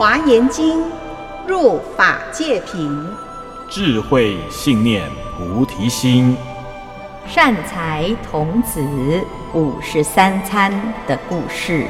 華嚴經入法界品，智慧信念菩提心，善財童子五十三參的故事。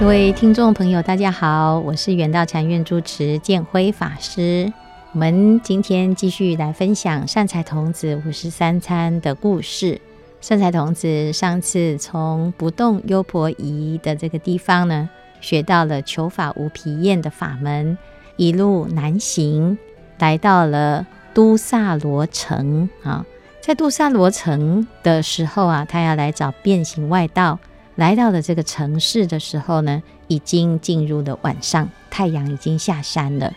各位聽眾朋友，大家好，我是圓道禪院住持見輝法師。我們今天繼續來分享善財童子五十三參的故事。善財童子上次從不動優婆夷的這個地方呢，學到了求法無疲厭的法門，一路南行，來到了都薩羅城啊。在都薩羅城的時候啊，他要來找遍行外道。來到了這個城市的時候呢，已經進入了晚上，太陽已經下山了。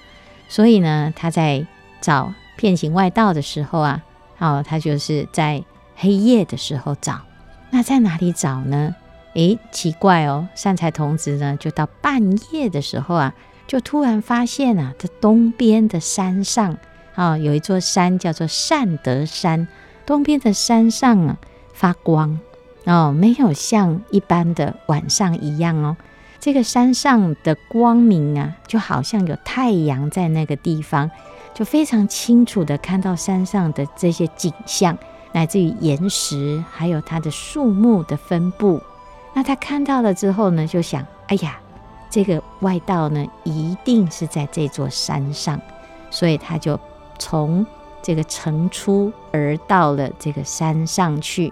所以呢，他在找遍行外道的時候啊，哦，他就是在。黑夜的時候找，那在哪裡找呢？誒，奇怪哦！善財童子呢，就到半夜的時候啊，就突然發現啊，這東邊的山上啊，哦，有一座山叫做善德山。東邊的山上啊，發光哦，沒有像一般的晚上一樣哦。這個山上的光明啊，就好像有太陽在那個地方，就非常清楚的看到山上的這些景象，乃至於岩石，還有它的樹木的分布。那他看到了之後呢，就想：哎呀，這個外道呢，一定是在這座山上。所以他就從這個城出，而到了這個山上去。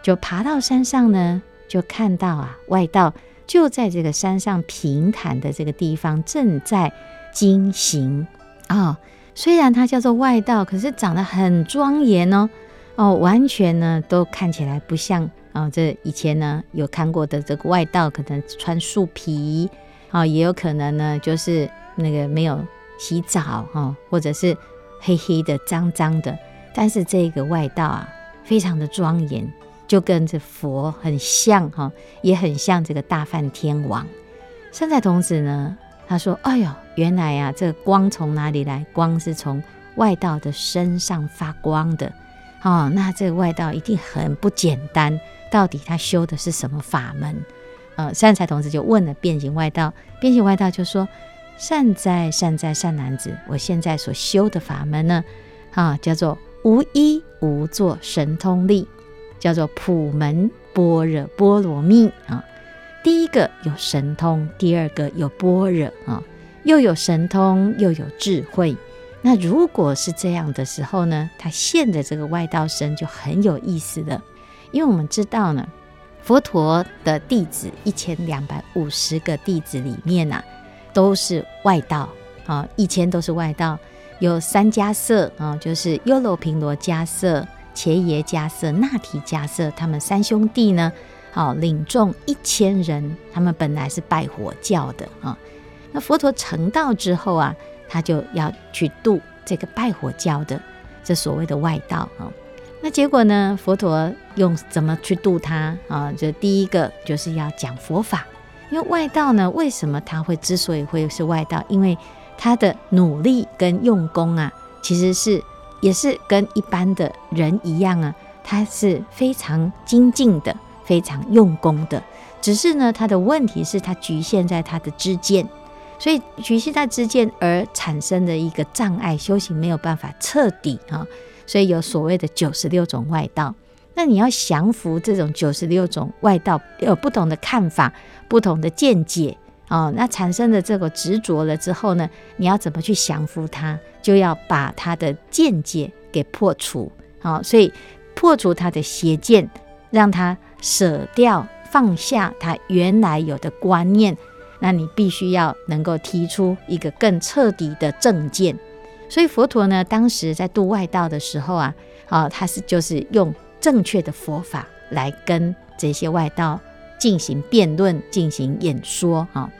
就爬到山上呢，就看到啊，外道就在這個山上平坦的這個地方正在經行啊。雖然它叫做外道，可是長得很莊嚴哦。哦，完全呢，都看起來不像啊、哦！這以前呢，有看過的這個外道，可能穿樹皮啊、哦，也有可能呢，就是那個沒有洗澡啊、哦，或者是黑黑的、髒髒的。但是這個外道啊，非常的莊嚴，就跟着佛很像哈、哦，也很像這個大梵天王。善財童子呢，他說：“哎呦，原來啊，這個光從哪裡來？光是從外道的身上發光的。”哦，那這個外道一定很不簡單，到底他修的是什麼法門？呃，善財童子就問了遍行外道，遍行外道就說：善哉，善哉，善男子，我現在所修的法門呢，啊，叫做無依無作神通力，叫做普門般若，若波羅蜜啊。第一個有神通，第二個有般若啊，又有神通又有智慧。那如果是這樣的時候呢？他現的這個外道身就很有意思了，因為我們知道呢，佛陀的弟子一千兩百五十個弟子裡面吶、啊，都是外道啊、哦，一千都是外道。有三迦葉啊、哦，就是優樓頻羅迦葉、伽耶迦葉、那提迦葉。他們三兄弟呢，好、哦、領眾一千人，他們本來是拜火教的啊、哦。那佛陀成道之後啊。他就要去度這個拜火教的這所謂的外道啊，那結果呢？佛陀用怎麼去度他啊？第一個就是要講佛法，因為外道呢，為什麼他會之所以會是外道？因為他的努力跟用功啊，其實是也是跟一般的人一樣啊，他是非常精進的，非常用功的，只是呢，他的問題是，他局限在他的知見。所以，局限在執之見而產生的一個障礙，修行沒有辦法徹底啊。所以，有所謂的九十六種外道。那你要降服這種九十六種外道，有不同的看法、不同的見解啊。那產生的這個執着了之後呢，你要怎麼去降服它？就要把它的見解給破除啊。所以，破除它的邪見，讓它舍掉、放下它原來有的觀念。那你必須要能夠提出一個更徹底的正見，所以佛陀呢，當時在度外道的時候啊、啊、哦，他是就是用正確的佛法來跟這些外道進行辯論、進行演說啊、哦。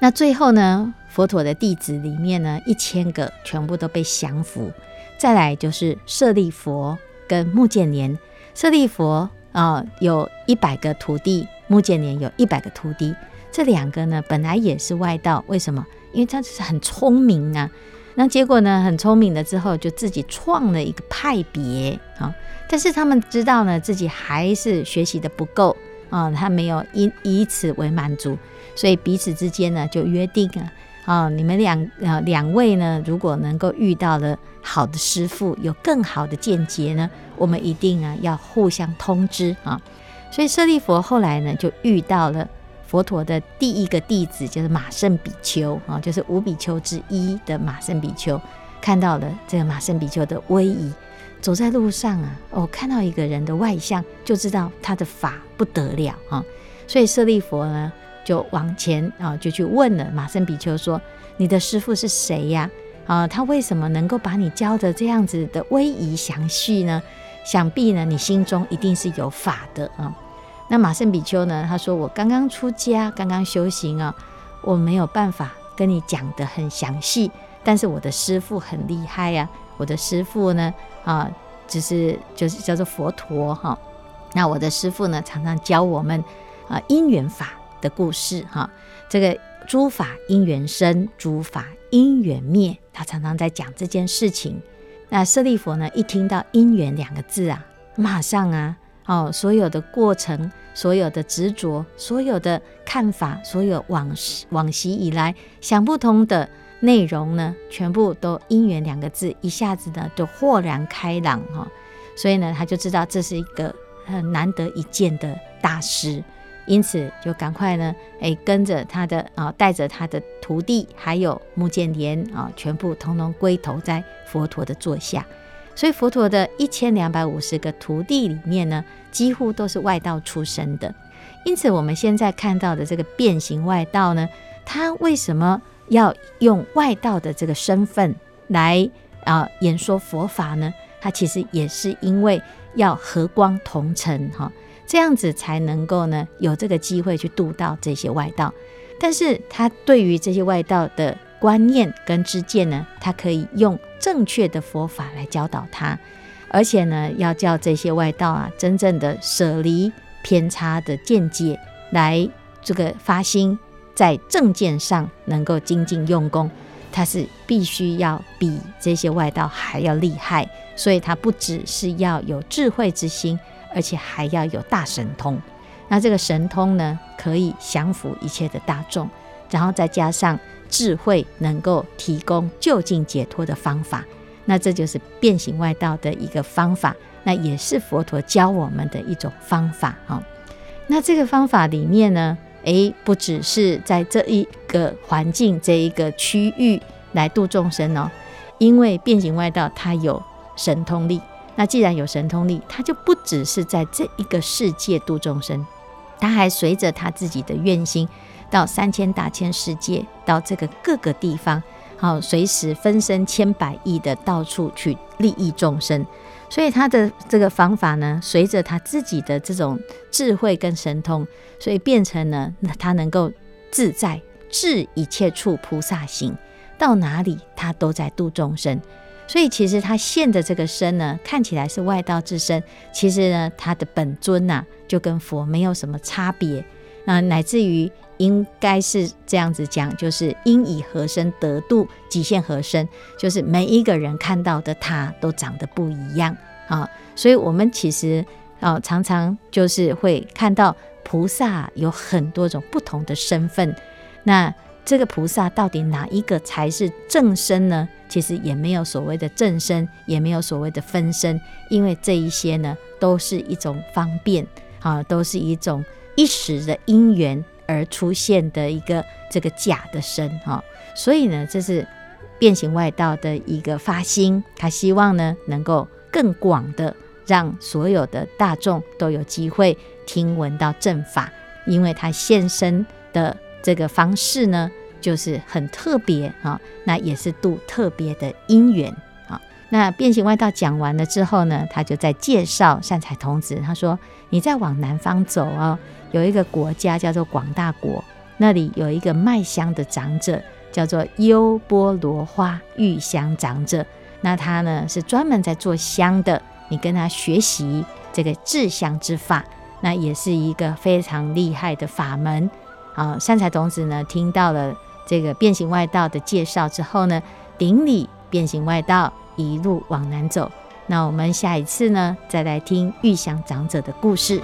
那最後呢，佛陀的弟子裡面呢，一千個全部都被降服。再來就是舍利弗跟目犍連，舍利弗啊、哦、有一百個徒弟，目犍連有一百個徒弟。這兩個呢，本來也是外道，為什麼？因為他是很聰明啊。那結果呢，很聰明了之後，就自己創了一個派別啊、哦。但是他們知道呢，自己還是學習得不夠啊、哦，他沒有因以此為滿足，所以彼此之間呢，就約定啊，啊、哦，你們兩啊兩位呢，如果能夠遇到了好的師父，有更好的見解呢，我們一定啊要互相通知啊、哦。所以舍利弗後來呢，就遇到了。佛陀的第一個弟子就是馬勝比丘啊，就是五比丘之一的馬勝比丘，看到了這個馬勝比丘的威儀，走在路上啊，我、哦、看到一個人的外相，就知道他的法不得了啊。所以舍利弗呢，就往前啊就去問了馬勝比丘說：“你的師父是誰呀、啊？啊，他為什麼能夠把你教的這樣子的威儀詳細呢？想必呢你心中一定是有法的啊。”那馬勝比丘呢？他說：“我剛剛出家，剛剛修行啊，我沒有辦法跟你講得很詳細。但是我的師父很厲害呀、啊，我的師父呢，啊，只是就是叫做佛陀哈。那我的師父呢，常常教我們啊因緣法的故事哈。這個諸法因緣生，諸法因緣滅，他常常在講這件事情。那舍利弗呢，一聽到因緣兩個字啊，馬上啊。”哦，所有的過程，所有的執着，所有的看法，所有往事往昔以來想不通的內容呢，全部都因緣兩個字，一下子呢就豁然開朗哈、哦。所以呢，他就知道這是一個很難得一見的大師，因此就趕快呢，哎、欸，跟着他的啊，帶、哦、着他的徒弟，還有目犍連啊、哦，全部統統歸投在佛陀的座下。所以佛陀的一千兩百五十個徒弟裡面呢，幾乎都是外道出身的。因此我們現在看到的這個遍行外道呢，他為什麼要用外道的這個身份來啊演、呃、說佛法呢？他其實也是因為要和光同塵哈，這樣子才能夠呢有這個機會去度到這些外道。但是他對於這些外道的觀念跟知見呢，他可以用正確的佛法來教導他，而且呢，要叫這些外道啊，真正的捨離偏差的見解，來這個發心，在正見上能夠精進用功，他是必須要比這些外道還要厲害，所以他不只是要有智慧之心，而且還要有大神通。那這個神通呢，可以降服一切的大眾。然後再加上智慧，能夠提供究竟解脫的方法，那這就是遍行外道的一個方法，那也是佛陀教我們的一種方法哈，那這個方法裡面呢，誒，不只是在這一個環境、這一個區域來度眾生哦，因為遍行外道他有神通力，那既然有神通力，他就不只是在這一個世界度眾生，他還隨着他自己的願心。到三千大千世界，到這個各個地方，好，隨時分身千百億的到處去利益眾生。所以他的這個方法呢，隨着他自己的這種智慧跟神通，所以變成了他能夠自在至一切處菩薩行，到哪裡他都在度眾生。所以其實他現的這個身呢，看起來是外道之身，其實呢，他的本尊吶、啊、就跟佛沒有什麼差別，那乃至於。應該是這樣子講，就是應以何身得度，即現何身，就是每一個人看到的他都長得不一樣啊。所以，我們其實啊，常常就是會看到菩薩有很多種不同的身份。那這個菩薩到底哪一個才是正身呢？其實也沒有所謂的正身，也沒有所謂的分身，因為這一些呢，都是一種方便啊，都是一種一時的因緣。而出現的一個這個假的身哈、哦，所以呢，這是遍行外道的一個發心，他希望呢能夠更廣的讓所有的大眾都有機會聽聞到正法，因為他現身的這個方式呢，就是很特別啊、哦，那也是度特別的因緣。那遍行外道講完了之後呢，他就在介紹善財童子。他說：“你再往南方走哦，有一個國家叫做廣大國，那裡有一個賣香的長者，叫做優波羅花玉香長者。那他呢是專門在做香的，你跟他學習這個製香之法，那也是一個非常厲害的法門啊。”善財童子呢聽到了這個遍行外道的介紹之後呢，頂禮遍行外道，一路往南走，那我們下一次呢，再來聽玉祥長者的故事。